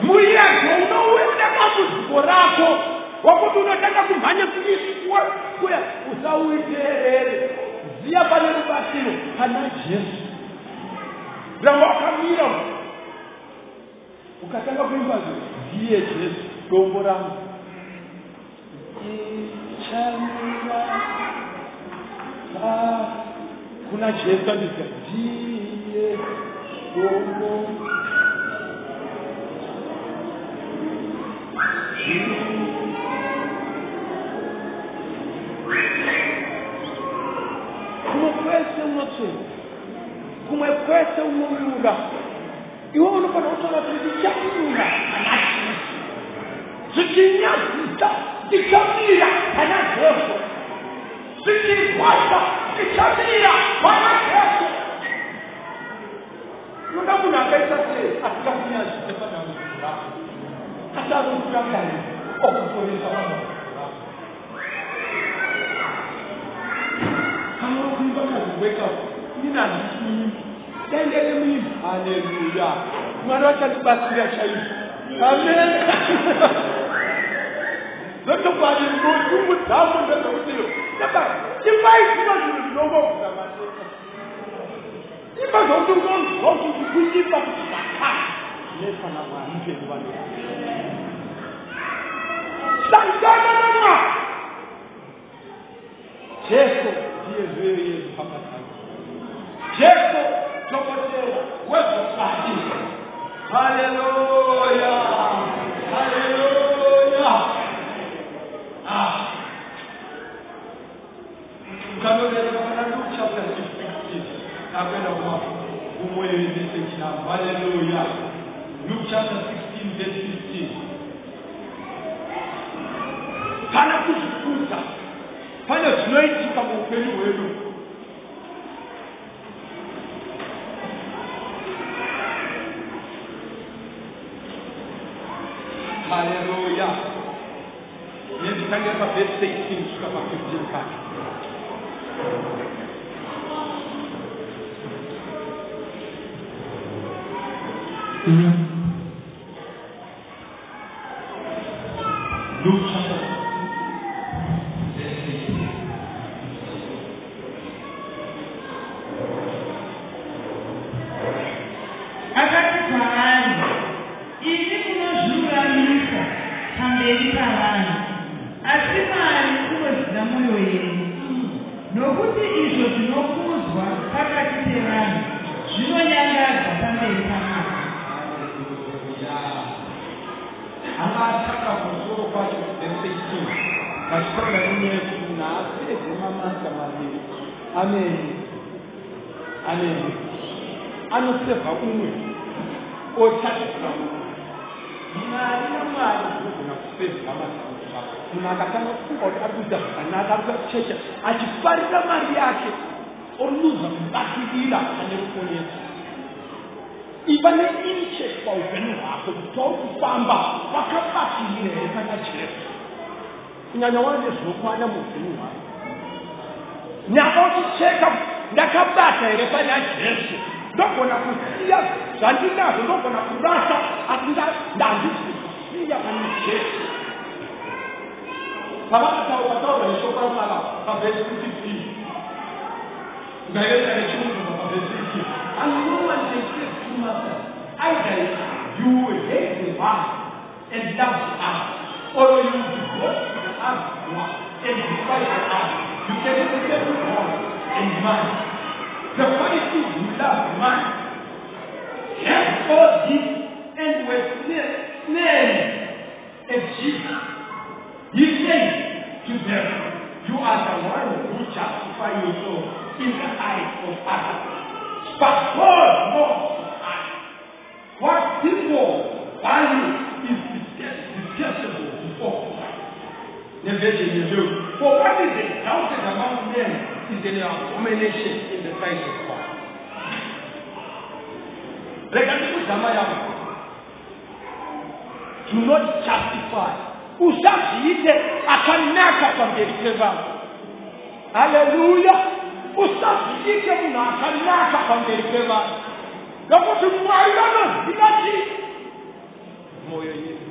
muyego unouda pamuziko rako wakuti unotanga kumhanya kuya usauiteerere ziya pane rubatiro pana jesu ramba wakamira ukatanga kuimba ndiye jesu dombo rangu ichamira como Como é é sasa kuna Yesu anisaidie somo kumepwesa unotini kumepwesa umuyuga iwe unofana kutola kuti ndichamuyuga anachii zvichinyadzisa ndichamira ana Se tinha maisha kichazia maana Yesu unataka kuna pesa zile atakufanya kufanya hata ukitaka au kuponesha mama kama ukiwa na wake up de nini tendele mimi haleluya mwana wacha tubasiria shahidi amen Dokubali mboju mutamu ndokuti Dabei, die weiß, was du mit Lobo zusammen Die Person, die uns kommt, die gut ist, was du sagst. Laisse la voir, il fait droit de Santana! Jesu, Dieu veut Jésus, Papa Santo. Jesu, Tokotela, Wesso Sadi. Alléluia! Alléluia! Ah! de Deuteronomy chapter 66 happened upon Aleluia. Luke chapter 16, verse 15. Kana kujifunza, fanya tunaiti kama upendo wenu. Haleluya. Nendikani hapa versículo 16 kushuka kwa 15 kati. Mm-hmm. kuchecha achiparisa mari yake onuza mubatirira pane ruponesa iva neiche paupenyu hwako kutori kufamba pakabatirira here pana jesu kunyanya wane zvinokwana muupenyu hwako nyaka uchicheka ndakabata here pana jesu ndogona kusiya zvandinazvo ndogona kurasa asi ndandikusiya pana jesu bàbá àti àwọn ọ̀gá ọ̀rọ̀ ẹ̀ṣọ́ kọ́ ẹ̀fà náà bàbá ẹ̀ṣọ́ kú sí sí yìí bẹ̀rẹ̀ ẹ̀ṣọ́ ẹ̀ṣọ́ kú bàbá ẹ̀ṣọ́ sí yìí and no one dey too much either you hate the man and love the man or you divorce the man and despise the man you can never get the man and man the point is you love the man help all this and were snared snared Jesus. He says to them, You are the one who justify yourself in the eyes of others. But God knows What people value is detestable before You? For what is exalted among them is an abomination in the sight of God. Do not justify usazide akanaka pamberikwevanu haleluya usazidike munhu akanaka pamberi kwevanhu nokuti mwari vanoziva chii mwoyo yedu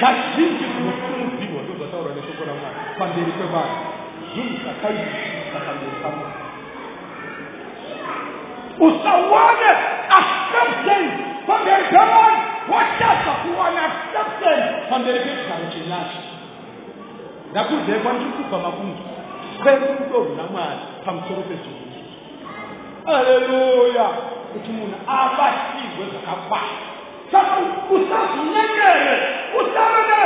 kazhinji kunokurudzirwa ndozvataurwa neshoko ramwari pamberi kwevanhu zvinhu zvakaizvisa pamberi pamwari o Saul Warner accepted when they God watches of one accepted from the repeat last. ndakudze kwandikupa makunzo kwerudomna mwari pamusoro pezvouzu areruya kuti munhu abatirwe zvakakwana saka usazvinyengere usave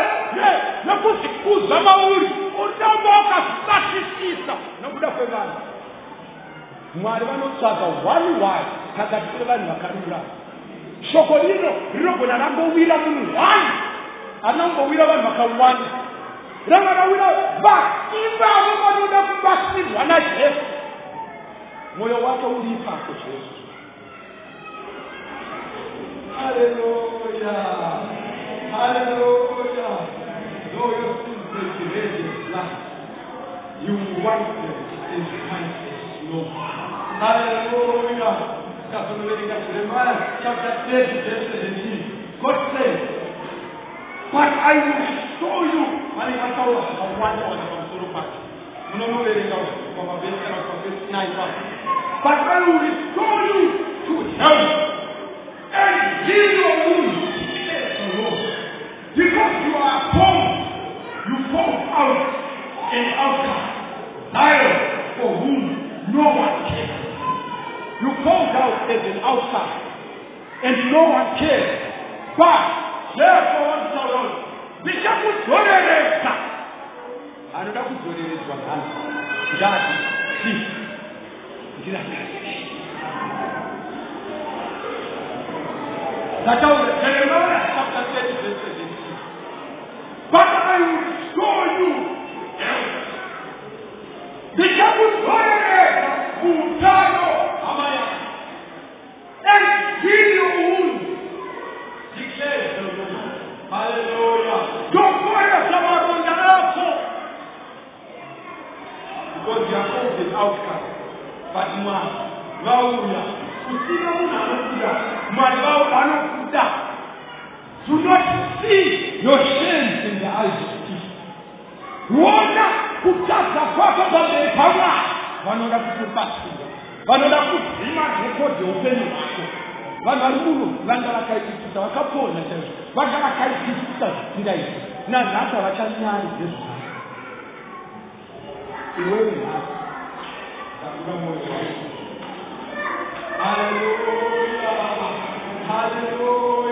nekuzvikudza mauri utamba wakabatisisa nokuda kwevanhu mwari vanotsvaka one one pakati pevanhu vakarurama shoko rino rinogona rangowira munhu one hana kungowira vanhu vakawanda rangarawira vasimba vovanoda kubatsirwa najesu mwoyo wake uri ipako jesu haleluya haleluya noyo sizeirejeslas you want them in christ novo. Aleluia! Capítulo 3, chapter 3, verse 17. God says, But I will show you. Mari kata Allah, Tuhan yang ada dalam seluruh pagi. Menurut dari kau, Bapak Bila kena kafir naik But I will restore you to health and heal your wounds. Because you are born, you fall out in outcast. Tired for wounds. No one cares. You call out as an outsider, and no one cares. But therefore, the shepherd once alone, ndichamudzoreredza anoda kudzoreredzwa nhano ndati si ndirakasi ndataura jeremia chapter 30 verse 17 but i will show you nikakutwaa muungano amaya engini uhuru jikleze haleluya tokwenda sababu ndanaso because you are called an outcast but you are lawula kusina muna anakuda malawula anakuda do not see your shame in the eyes wona kutadza kwako pamberi pamwana vanoda kutibatsira vanoda kuzima rekodhi yeupenyu hwako vanhu vari muno vanga vakaitisisa vakapona chaizvo vanga vakaitisisa zvisira izvi nanhasi havachanyari zvezvao iwei nhasi haleluya haleluya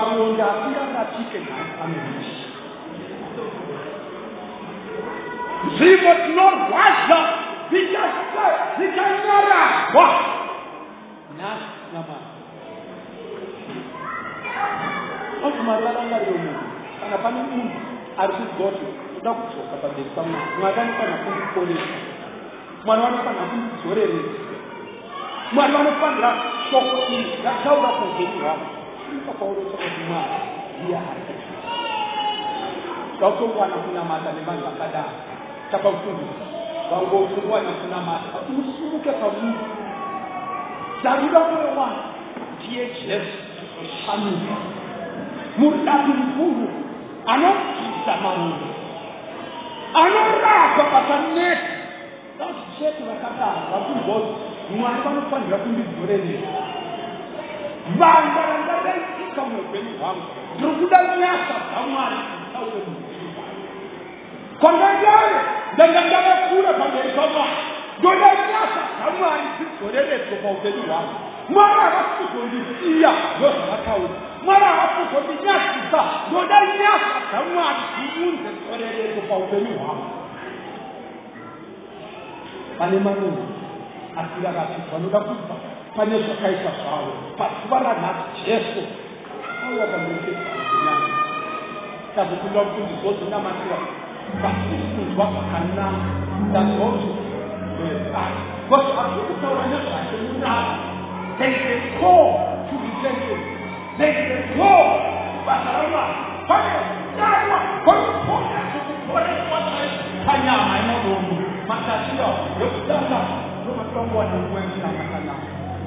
maronda akuyanga chicken amenish. Sie wird nur wasser, sie kann sie kann nara, was? Nas nama. Of maralanga yomu, kana pani mungu, arzu gotu, uda kuchoka pande samu, mwadani kana kundi pole, mwadani kana kundi zorele, mwadani kana kundi zorele, mwadani kana kundi zorele, tofauti kutoka jia watumwa na kuna maadhalimani wa kadhaa taka uchumi wangoutungwa na kuna maadha usumuke kwa mungu dharura moyo wangu ndiye yesu amin mudadimkuru anokizamani anorakopataneti sasishe tunakataa watumbo niwanivanufanira kundidhoreni Bandarandaren kita membeli wang. Berbudannya sama kita membeli wang. Kondangan dengan dana pura pada sama. Dodanya sama itu kodenya kita membeli wang. Mara waktu kondisiya dosa kau. Mara waktu kondisinya kita dodanya sama itu kodenya kita membeli wang. Panemanu, asyik agak sih, kalau dah pun tak. pane zvakaita zvavo pazuva ranhasi jesu auya pamuteaa tazokunda kuti ndizodzinamatira vasisinzwa zvakanaka ndazoti eh, because azokutaura nezvake munaa there is a call to repentance there is a call to basa ramwana pane dawa kwekuponya zvokuponeswa zvaizvo panyama yemadombo matatira yokutanga nomatongo wanamuwemuna makanaka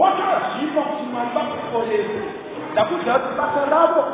wákàtí náà ti máa gbàgbọ́ lé dàkúdà